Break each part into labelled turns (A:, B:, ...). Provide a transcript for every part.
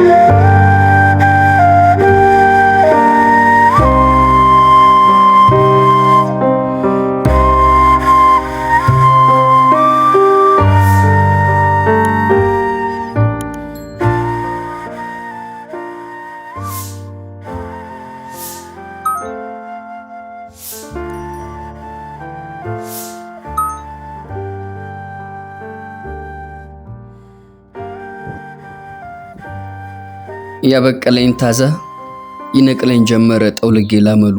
A: Thank you. ያበቀለኝ ታዛ ይነቅለኝ ጀመረ ጠውልጌ ላመሉ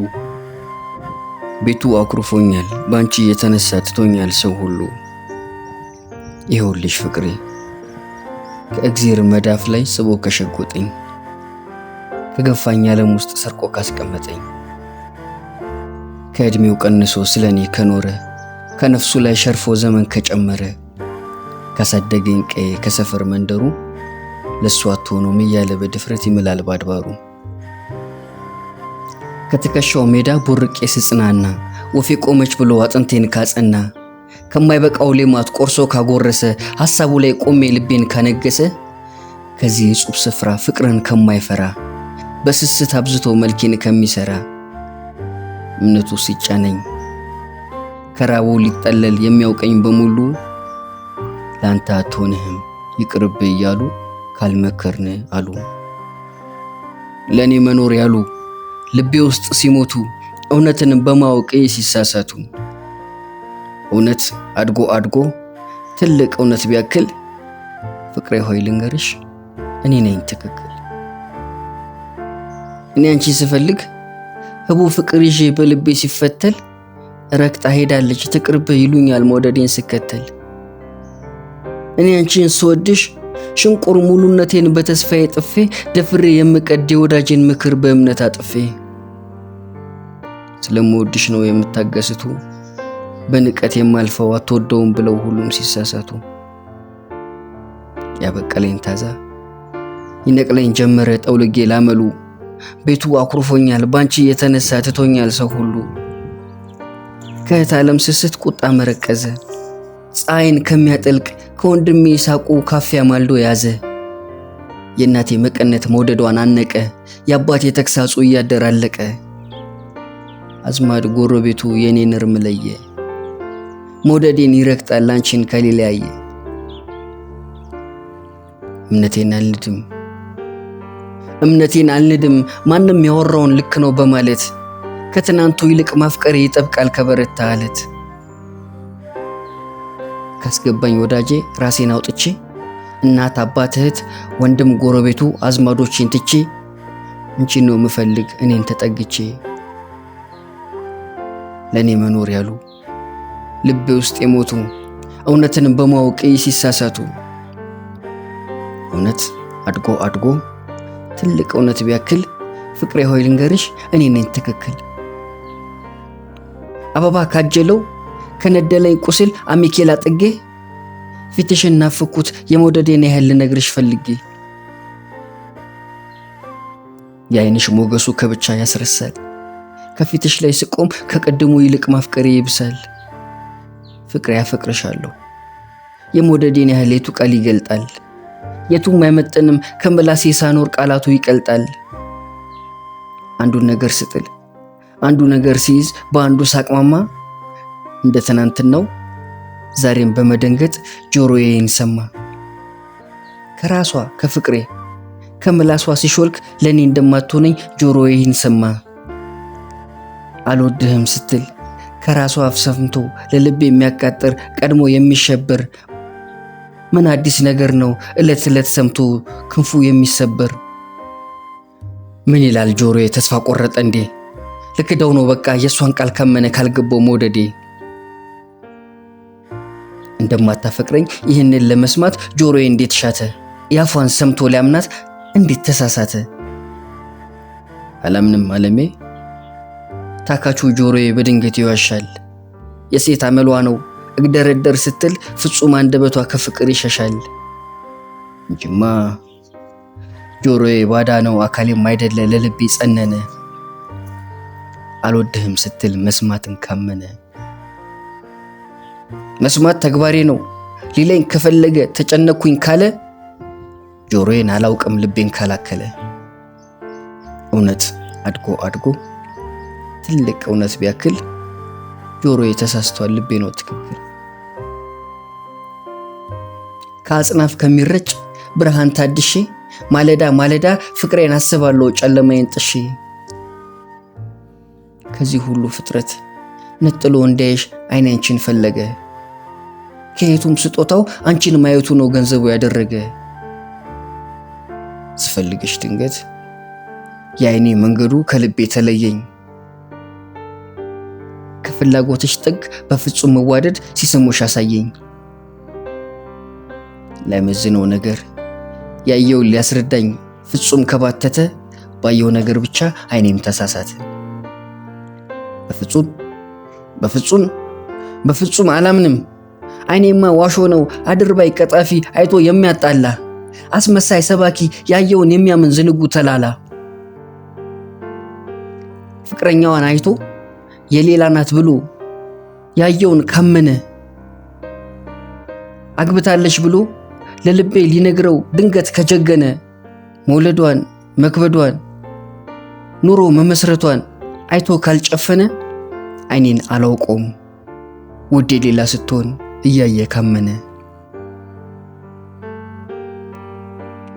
A: ቤቱ አኩርፎኛል በአንቺ የተነሳ ትቶኛል ሰው ሁሉ ይኸውልሽ ፍቅሬ ከእግዜር መዳፍ ላይ ስቦ ከሸጎጠኝ ከገፋኝ ዓለም ውስጥ ሰርቆ ካስቀመጠኝ ከዕድሜው ቀንሶ ስለ እኔ ከኖረ ከነፍሱ ላይ ሸርፎ ዘመን ከጨመረ ካሳደገኝ ቀዬ ከሰፈር መንደሩ ለእሱ አትሆኑም እያለ በድፍረት ይምላል ባድባሩ። ከትከሻው ሜዳ ቡርቄ ስጽናና ወፌ ቆመች ብሎ አጥንቴን ካጸና ከማይበቃው ሌማት ቆርሶ ካጎረሰ ሐሳቡ ላይ ቆሜ ልቤን ካነገሰ ከዚህ የጹብ ስፍራ ፍቅርን ከማይፈራ በስስት አብዝቶ መልኬን ከሚሰራ እምነቱ ሲጫነኝ ከራቦ ሊጠለል የሚያውቀኝ በሙሉ ላንተ አትሆንህም ይቅርብ እያሉ ካልመከርን አሉ። ለእኔ መኖር ያሉ ልቤ ውስጥ ሲሞቱ እውነትን በማወቅ ሲሳሳቱ እውነት አድጎ አድጎ ትልቅ እውነት ቢያክል ፍቅሬ ሆይ ልንገርሽ እኔ ነኝ ትክክል። እኔ አንቺ ስፈልግ ህቡ ፍቅር ይዤ በልቤ ሲፈተል ረግጣ ሄዳለች ትቅርብ ይሉኛል መውደዴን ስከተል እኔ አንቺን ስወድሽ ሽንቁር ሙሉነቴን በተስፋዬ ጥፌ ደፍሬ የምቀድ የወዳጄን ምክር በእምነት አጥፌ ስለምወድሽ ነው የምታገስቱ በንቀት የማልፈው አትወደውም ብለው ሁሉም ሲሳሳቱ ያበቀለኝ ታዛ ይነቅለኝ ጀመረ ጠውልጌ ላመሉ ቤቱ አኩርፎኛል ባንቺ የተነሳ ትቶኛል ሰው ሁሉ ከእህት ዓለም ስስት ቁጣ መረቀዘ ፀሐይን ከሚያጠልቅ ከወንድሜ ሳቁ ካፊያ ማልዶ ያዘ። የእናቴ መቀነት መውደዷን አነቀ። የአባቴ ተግሳጹ እያደራለቀ አዝማድ ጎረቤቱ የኔን እርም ለየ። መውደዴን ይረግጣል አንቺን ከሌላ ያየ። እምነቴን አልንድም እምነቴን አልንድም ማንም ያወራውን ልክ ነው በማለት ከትናንቱ ይልቅ ማፍቀሬ ይጠብቃል ከበረታ አለት። ካስገባኝ ወዳጄ ራሴን አውጥቼ እናት፣ አባት፣ እህት፣ ወንድም፣ ጎረቤቱ፣ አዝማዶቼን ትቼ እንቺ ነው የምፈልግ እኔን ተጠግቼ ለእኔ መኖር ያሉ ልቤ ውስጥ የሞቱ እውነትን በማወቅ ሲሳሳቱ እውነት አድጎ አድጎ ትልቅ እውነት ቢያክል ፍቅሬ ሆይ ልንገርሽ እኔ ነኝ ትክክል አበባ ካጀለው ከነደለኝ ቁስል አሚኬላ ጥጌ ፊትሽን ናፍኩት የመውደዴን ያህል ልነግርሽ ፈልጌ የአይንሽ ሞገሱ ከብቻ ያስረሳል ከፊትሽ ላይ ስቆም ከቅድሙ ይልቅ ማፍቀሬ ይብሳል። ፍቅሬ ያፈቅርሻለሁ የመውደዴን ያህል የቱ ቃል ይገልጣል? የቱም አይመጥንም ከምላሴ ሳኖር ቃላቱ ይቀልጣል። አንዱን ነገር ስጥል አንዱ ነገር ሲይዝ በአንዱ ሳቅማማ እንደ ትናንትናው ዛሬም በመደንገጥ ጆሮዬን ሰማ። ከራሷ ከፍቅሬ ከምላሷ ሲሾልክ ለእኔ እንደማትሆነኝ ጆሮዬን ሰማ። አልወድህም ስትል ከራሷ አፍ ሰምቶ ለልብ የሚያቃጥር ቀድሞ የሚሸበር ምን አዲስ ነገር ነው እለት ዕለት ሰምቶ ክንፉ የሚሰበር ምን ይላል ጆሮዬ ተስፋ ቆረጠ እንዴ? ልክደው ነው በቃ የእሷን ቃል ካመነ ካልገባው መውደዴ እንደማታፈቅረኝ ይህንን ለመስማት ጆሮዬ እንዴት ሻተ! ያፏን ሰምቶ ሊያምናት እንዴት ተሳሳተ! አላምንም አለሜ ታካቹ ጆሮዬ በድንገት ይዋሻል። የሴት አመሏ ነው እግደረደር ስትል ፍጹም አንደበቷ ከፍቅር ይሸሻል። እንጂማ ጆሮዬ ባዳ ነው አካሌም አይደለ ለልቤ ጸነነ አልወድህም ስትል መስማትን ካመነ መስማት ተግባሬ ነው። ሊለኝ ከፈለገ ተጨነኩኝ ካለ ጆሮዬን አላውቅም ልቤን ካላከለ እውነት አድጎ አድጎ ትልቅ እውነት ቢያክል ጆሮዬ ተሳስቷል ልቤ ነው ትክክል። ከአጽናፍ ከሚረጭ ብርሃን ታድሼ ማለዳ ማለዳ ፍቅሬን አስባለሁ ጨለማዬን ጥሼ ከዚህ ሁሉ ፍጥረት ነጥሎ እንዳይሽ አይን ፈለገ። ከየቱም ስጦታው አንቺን ማየቱ ነው ገንዘቡ ያደረገ። ስፈልግሽ ድንገት የአይኔ መንገዱ ከልቤ ተለየኝ። ከፍላጎትሽ ጥግ በፍጹም መዋደድ ሲሰሞሽ አሳየኝ። ለመዝነው ነገር ያየው ሊያስረዳኝ ፍጹም ከባተተ ባየው ነገር ብቻ አይኔም ተሳሳተ። በፍጹም በፍጹም በፍጹም አላምንም። አይኔማ ዋሾ ነው፣ አድርባይ ቀጣፊ፣ አይቶ የሚያጣላ አስመሳይ ሰባኪ፣ ያየውን የሚያምን ዝንጉ ተላላ። ፍቅረኛዋን አይቶ የሌላ ናት ብሎ ያየውን ካመነ አግብታለች ብሎ ለልቤ ሊነግረው ድንገት ከጀገነ መውለዷን መክበዷን ኑሮ መመስረቷን አይቶ ካልጨፈነ አይኔን አላውቀውም ውድ ሌላ ስትሆን እያየ ካመነ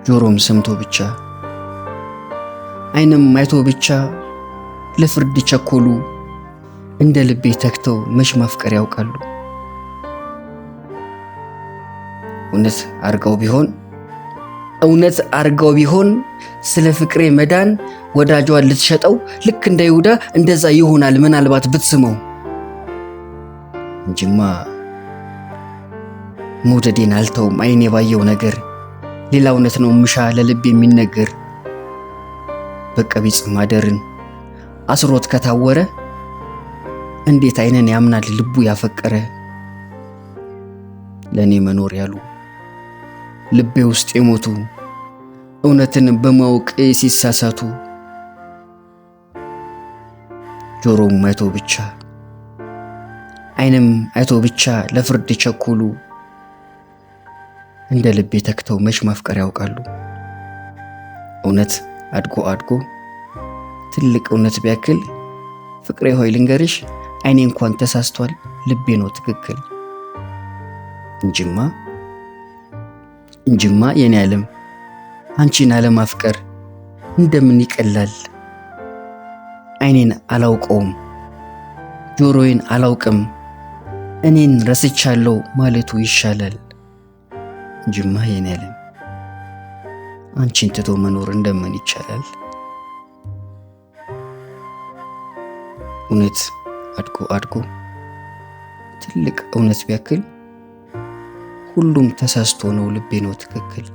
A: ጆሮም ሰምቶ ብቻ ዓይንም አይቶ ብቻ ለፍርድ ቸኮሉ እንደ ልቤ ተክተው መች ማፍቀር ያውቃሉ። እውነት አርገው ቢሆን እውነት አርገው ቢሆን ስለ ፍቅሬ መዳን ወዳጇን ልትሸጠው ልክ እንደ ይሁዳ እንደዛ ይሆናል ምናልባት ብትስመው እንጂማ መውደዴን አልተውም። አይኔ ባየው ነገር ሌላ እውነት ነው ምሻ ለልብ የሚነገር በቀቢጽ ማደርን አስሮት ከታወረ እንዴት አይንን ያምናል ልቡ ያፈቀረ ለእኔ መኖር ያሉ ልቤ ውስጥ የሞቱ እውነትን በማወቅ ሲሳሳቱ ጆሮም አይቶ ብቻ አይንም አይቶ ብቻ ለፍርድ ቸኩሉ! እንደ ልቤ ተክተው መች ማፍቀር ያውቃሉ። እውነት አድጎ አድጎ ትልቅ እውነት ቢያክል ፍቅሬ ሆይ ልንገርሽ፣ አይኔ እንኳን ተሳስቷል፣ ልቤ ነው ትክክል። እንጅማ እንጅማ የኔ ዓለም አንቺን አለማፍቀር እንደምን ይቀላል። አይኔን አላውቀውም ጆሮዬን አላውቅም እኔን ረስቻለሁ ማለቱ ይሻላል። ጅማ የኔ ዓለም አንቺን ትቶ መኖር እንደምን ይቻላል? እውነት አድጎ አድጎ ትልቅ እውነት ቢያክል ሁሉም ተሳስቶ ነው ልቤ ነው ትክክል